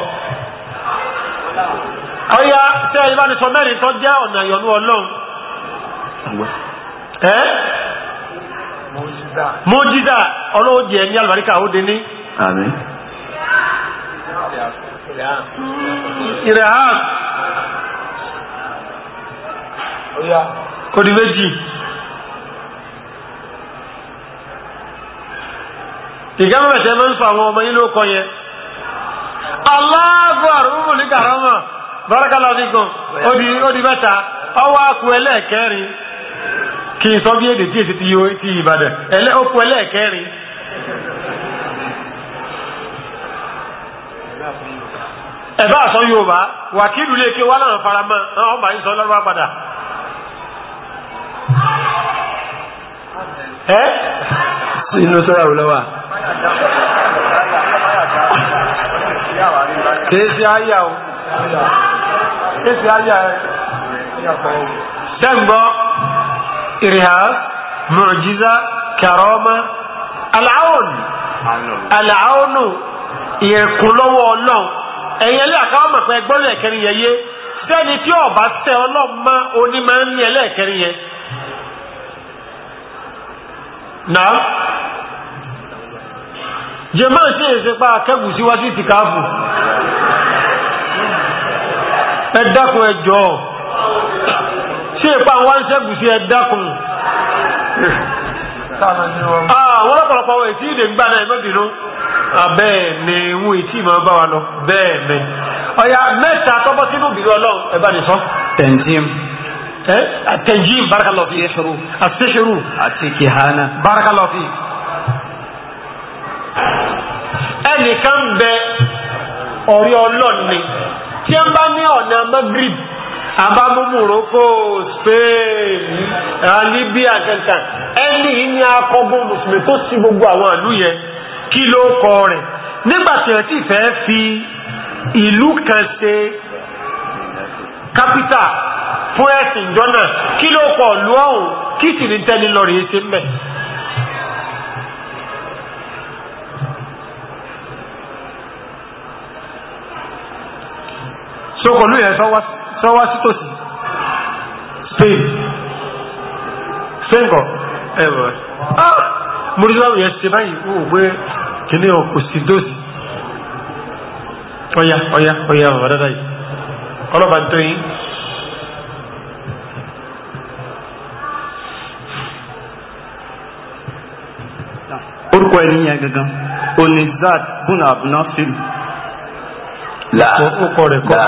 Speaker 1: ọ̀ya ṣé ẹ bá ní sọ mẹ́rin tọ́ jẹ́ ọ̀nà ìyọnú ọlọ́run. ọlọ́wọ́ jẹ ní
Speaker 3: ó ní.
Speaker 2: ó di méjì
Speaker 1: ìgámẹ̀tẹ̀ máa ń fa ma ọmọ yín ló kọ yẹn aláàbò àrùnmù ní kàrámà bárakàlá fíkan ó di mẹ́ta ọwọ́ àkú ẹlẹ́ẹ̀kẹrin kí n sọ bí èdè ti Ìbàdàn ẹlẹ́ ó ele ẹlẹ́ẹ̀kẹrin ẹ̀bá àsọ Yorùbá wàkílù lè ké wà láwọn faramọ́ àwọn ọmọ yín sọ ẹ́ inú sọ́rọ̀ òlọ́wà kèèsì ayà o kèèsì ayà dẹ́gbọ́ ìrìhà mùjíza kàrọ́mà aláwọn aláwọn ìyẹ̀kùn lọ́wọ́ ọlọ́run ẹ̀yìn ẹlẹ́ àkáwọ́ mọ̀ pé ẹgbọ́n lẹ́ẹ̀kẹrin yẹ yé sẹ́ni tí ọba tẹ ọlọ́mọ onímọ̀ ń ní ẹlẹ́ẹ̀kẹrin yẹn náà jẹmọ́ e sí èsèpá akẹ́gùn síwájú ìtìkáàfù ẹ dákun ẹ jọ̀ọ́ ṣe ìpa àwọn aṣẹ́gùn sí ẹ dákun ah, àwọn ọ̀pọ̀lọpọ̀ àwọn ètí ìdè ń gbà náà ẹ̀mọ́bìnú ah, bẹ́ẹ̀ ni wọ́n ètí ìmọ̀ bá wa lọ bẹ́ẹ̀ ni ọ̀yà mẹ́ta tọ́bọ́ sínú ìbìrì ọlọ́run ẹ̀bá nìsọ́ التنجيم بارك الله فيه السحر السحر الكهانة بارك الله فيه ẹnì kan bẹ ọ̀rẹ́ ọlọ́ọ̀ni tí a bá ní ọ̀nà Maghrib àbámú Morocco Spain Libya kankan ẹni yìí ní akọgbọ́n mùsùlùmí tó sí gbogbo àwọn ìlú yẹn kí ló kọ rẹ̀ nígbàtí ẹ̀ tí fẹ́ fi ìlú kan ṣe kápítà fún ẹ̀sìn ìjọ náà kí ló pọ̀ lú ọ̀hún kí sì ní tẹ́lẹ̀ lọ rèé ṣe mẹ́.
Speaker 2: sokolu yẹn sọwọ́ sí tòsí Spain Spain kọ ẹ wọ ah murila yẹn ṣe báyìí wò ó gbé
Speaker 1: kíní ọ kò sí dòsí ọ̀ya ọ̀ya ọ̀ya ọ̀rẹ́dá yìí ọlọ́ba tó yín. orúkọ ẹni yẹn gangan onizad bùnà abunafil. la ó kọ rẹ̀ kọ́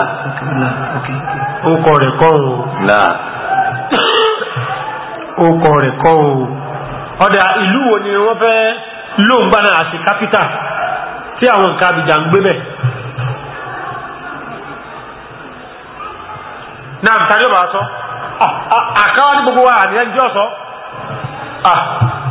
Speaker 1: ó kọ rẹ̀ kọ́ o. la ó kọ rẹ̀ kọ́ o. ọ̀dà ìlú wo ni wọ́n fẹ́ lóńgbà náà àti kápítà tí àwọn nǹkan abidjan ń gbé bẹ̀. náà tàbí ọ̀bà sọ ah, ah, àkáwá ní gbogbo wa àníyànjú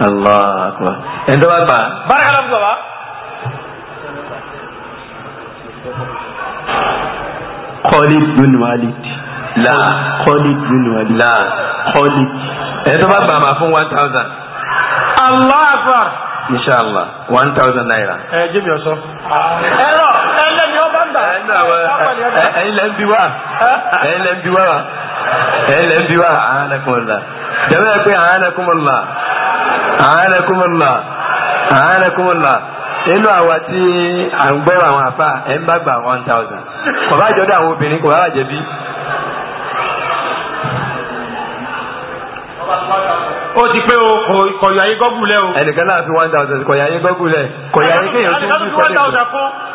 Speaker 3: Allah akbar. Ẹni tó bá gbà.
Speaker 1: Bára kàlọ́ fún bàbá. Khalid bin Walid. La. Khalid bin Walid. La. Khalid. Ẹni tó bá gbà máa fún one thousand.
Speaker 3: Allah akbar.
Speaker 1: Inshallah one thousand naira. Ẹ jẹ́ mi ọ̀sọ́. Ẹ lọ ẹlẹ́ni ọba ń gbà. Ẹyin lẹ́ ń bi wá. Ẹyin lẹ́ ń bi àánakúmọ̀lá àánakúmọ̀lá nínú àwa tí à ń gbọ́rọ̀ àwọn àfa ẹ̀ ń bá gba one thousand kò bá jọ́dọ̀ àwọn obìnrin kò bá bàjẹ́ bí. ó ti pé o kọ̀yọ̀ ayé gọ́gùn lẹ́ o. ẹnìkan náà fi one thousand kọ̀yọ̀ ayé gọ́gùn lẹ̀ kọ̀yọ̀ ayé kéèyàn tún rí kọ́dé gbọ́.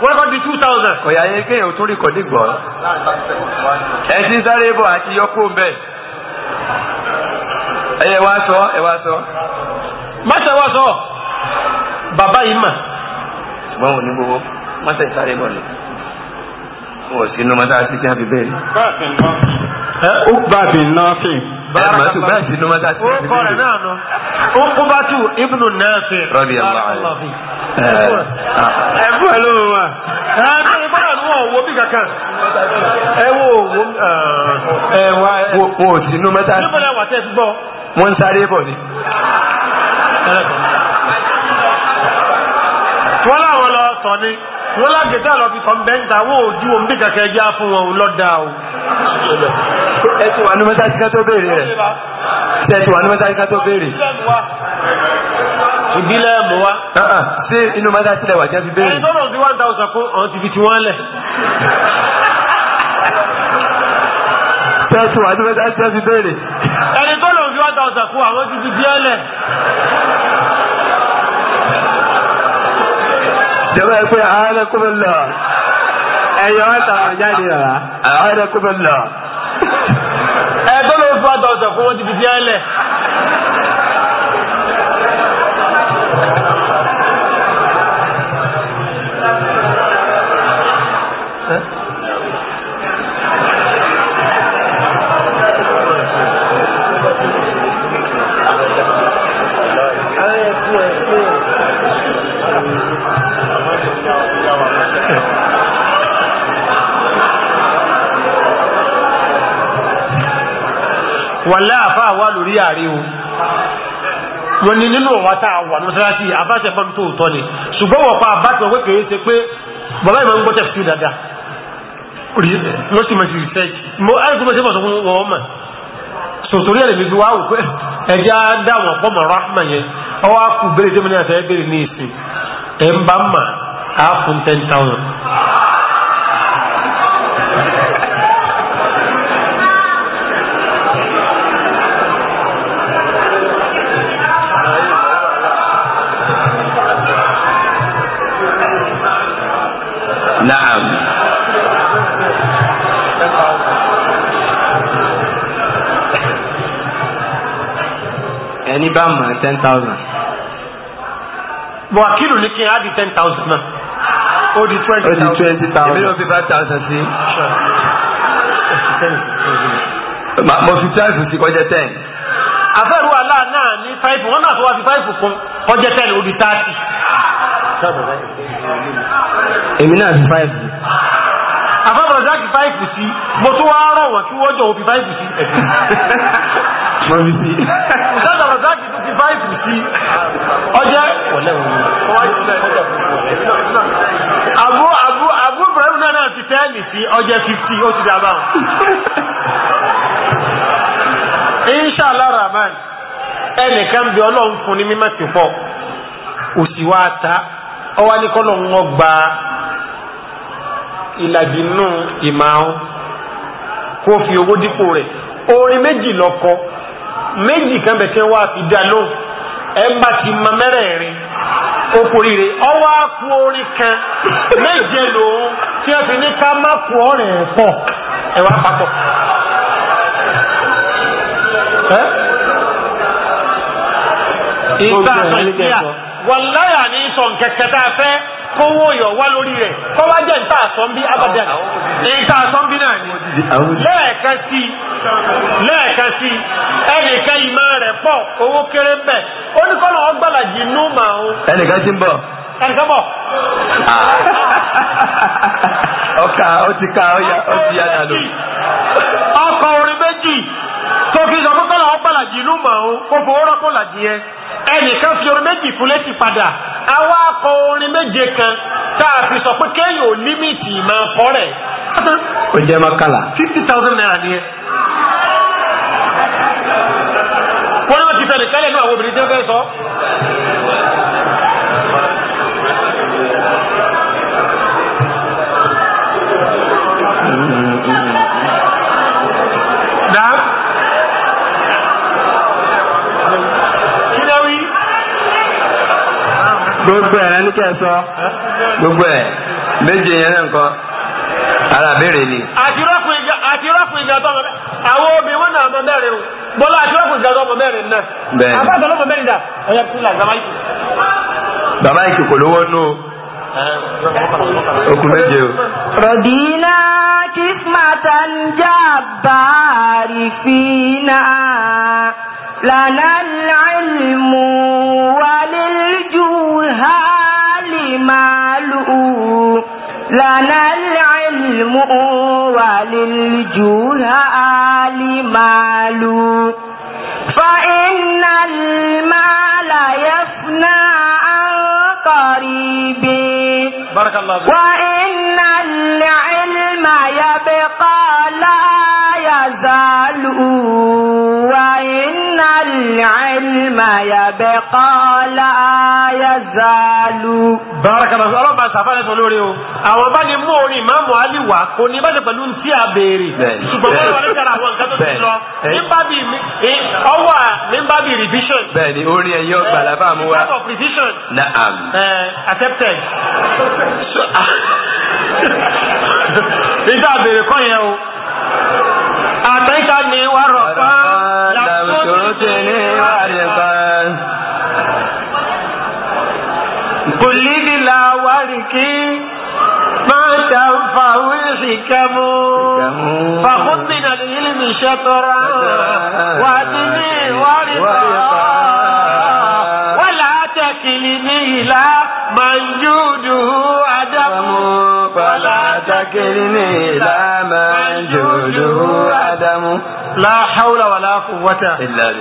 Speaker 1: wọ́n kọ́ di two thousand. kọ̀yọ̀ ayé kéèyàn tún rí kọ́dé gbọ́. ẹ ti sáré bọ̀ àti yọkó bẹ́ẹ̀. ẹ yẹ wá sọ ẹ wá sọ máṣe wá sọ bàbá yìí mà. ṣùgbọ́n wọn ò ní gbowó wọ́n ṣe ìsáré bọ̀ ni wọn ò sí inú mọ́tàásí tí wọ́n fi bẹ́ẹ̀ ni. ukbatu nafi. bàtú bá sí inú mọ́tàásí tí wọ́n fi bẹ́ẹ̀ ni. ukbatu ibnu nafi. rọ́bì aláwọ̀ ẹ̀fọ́ ẹ̀ ló ń wá. ẹ̀ẹ́dẹ́gbẹ́ gbọ́dọ̀ ní wọn ò wo bí kankan ẹwọ owó ẹwà wọn ò sí inú mẹ́ta wọ́n ń sáré bọ̀ ni tí wọ́n láwọn lọ sọ ní wọ́n lágbètà lọ fi sọm bẹ́ńtà wọ́n ò ju omi kẹ̀kẹ́ ẹjá fún wọn lọ́dà o. ẹtù wà ní mẹ́ta kíkà tó béèrè
Speaker 3: rẹ̀ ẹtù wà ní mẹ́ta kíkà tó béèrè.
Speaker 1: ìbílẹ̀ mú wa. ṣé inú mẹ́ta
Speaker 3: sílẹ̀ wà jẹ́ fi béèrè. ẹ̀ tọ́nà
Speaker 1: ti one thousand kó ọ̀hún thousand kó àwọn ti di díẹ̀ lẹ̀. jọba ẹ pé àwọn ẹni kó fẹ́ lọ ẹ̀yọ́ ẹ̀ta jáde rà àwọn ẹni kó lọ. ẹ tó fọ́ thousand kó wọ́n ti di díẹ̀ lẹ̀. wà láàfà wà lórí ààrẹ o wọ́n ni nínú ọ̀wá tá a wà lọ́sọ́láṣí àbáṣẹ bọ́m tó tọ́ ni ṣùgbọ́n wọ́n pa àbáṣẹ wọ́n kéré ṣe pé bàbá ìmọ̀ ń gbọ́ tẹ̀sí dáadáa wọ́n sì máa ti research mo ẹ̀rọ tó máa ṣe bọ̀sọ̀ fún wọn mọ̀ sòtòrí ẹ̀rẹ̀ mi fi wá òkú ẹ̀jẹ̀ á dá wọn pọ̀ mọ̀ rahma yẹn ọwọ́ á kú bẹ́rẹ̀ ẹ̀ ń gíráàmù ten thousand wàkìlù ní kí n á di ten thousand náà ó di twenty thousand ó di thousand èmi náà fi five thousand sí mo fi five sí kọjá ten. àfẹ́rù àlá náà ní five wọn náà tó wá fi five kún kọjá ten ó di thirty.
Speaker 3: èmi náà fi five
Speaker 1: Abdulrasaq fáìpù sí
Speaker 3: mo tún wá rọ̀ wọ́n kí wọ́n jọ òun fi fáìpù sí ẹ̀sìn. mọ̀mí
Speaker 1: Abu Abu Abu Ibrahim náà náà ti tẹ́ẹ̀lì sí ọjẹ́ fifty ó ti dábà. Inshallah Rahman ẹnìkan bí ọlọ́run fún ní mímọ́ ti pọ̀ òsì wa ta ọwọ́ ní kọ́lọ́ ń wọ́n gba ìlàjì nù ìmáhùn kó fi owó dípò rẹ̀ orin méjì lọ́kọ méjì kan bẹ̀ tí wá fi dá lóhùn ẹmbà ti ma mẹ́rẹ̀ẹ̀rin okòrire ọwọ́ akú orin kan méje lòun tí wọ́n fi ní ká má kú ọ̀rẹ́ pọ̀
Speaker 3: ẹ̀wà papọ̀ ìgbà àtọ̀ ìgbà
Speaker 1: wàláyà ní tá a fẹ́ kówó yọ wá lórí rẹ̀ kọ́ jẹ́ níta àsọ́nbí abadan àsọ́nbí náà ni sí sí ẹnìkan rẹ̀ pọ̀ owó kéré bẹ̀ ó ní kọ́nà ọgbàlàjì màá o. ẹnìkan ti ń ẹnìkan
Speaker 3: ọkà ó ti ka ó ti yá
Speaker 1: ọkọ orin méjì sọ kọ́nà ọgbàlàjì màá o làjì yẹn ẹnìkan fi orin àwa akọ orin méje kan táà fi sọ pé kéèyàn ò límìtì máa kọ́ rẹ̀. ó jẹ́ mọ́kànlá. fifty thousand naira nìyẹn. wọ́n ní ti fẹ́ kálẹ̀ ní àwọn obìnrin tí wọ́n fẹ́ sọ.
Speaker 4: gbogbo ẹ̀rẹ́ ní kẹsọ
Speaker 1: gbogbo ẹ̀ méje yẹn náà nǹkan ara béèrè ni. àti rọ́pù ìjà tọmọ àwọn obìnrin náà mọ mẹ́rin bọ́lá àti rọ́pù ìjà tọmọ mẹ́rin náà. bẹ́ẹ̀ni ماله لنا العلم وللجهال مال فإن المال يفنى عن قريب بارك الله وإن العلم يبقى
Speaker 3: لا يزال
Speaker 1: وإن العلم يبقى لا يزال بارك الله فيك ọlọ́ba sàfáàlẹ̀ sọ lórí o àwọn bá ní mú orin ìmáàmù alì wá kò ní bá ṣe pẹ̀lú tí a béèrè ṣùgbọ́n wọ́n wọlé sára àwọn nǹkan tó ti lọ níbàbí ọwà níbàbí revision. bẹ́ẹ̀ni orin ẹyẹ ọgbà làbá mú wa of revision. naam. accepted. Ah. nígbà béèrè kọ́ yẹn o àtẹ̀yìntà ni اركبوا فخذ من العلم شطرا واتني ورضا ولا تكلني لا من جوده عدم فلا تكلني لا من جوده عدم لا حول ولا قوة إلا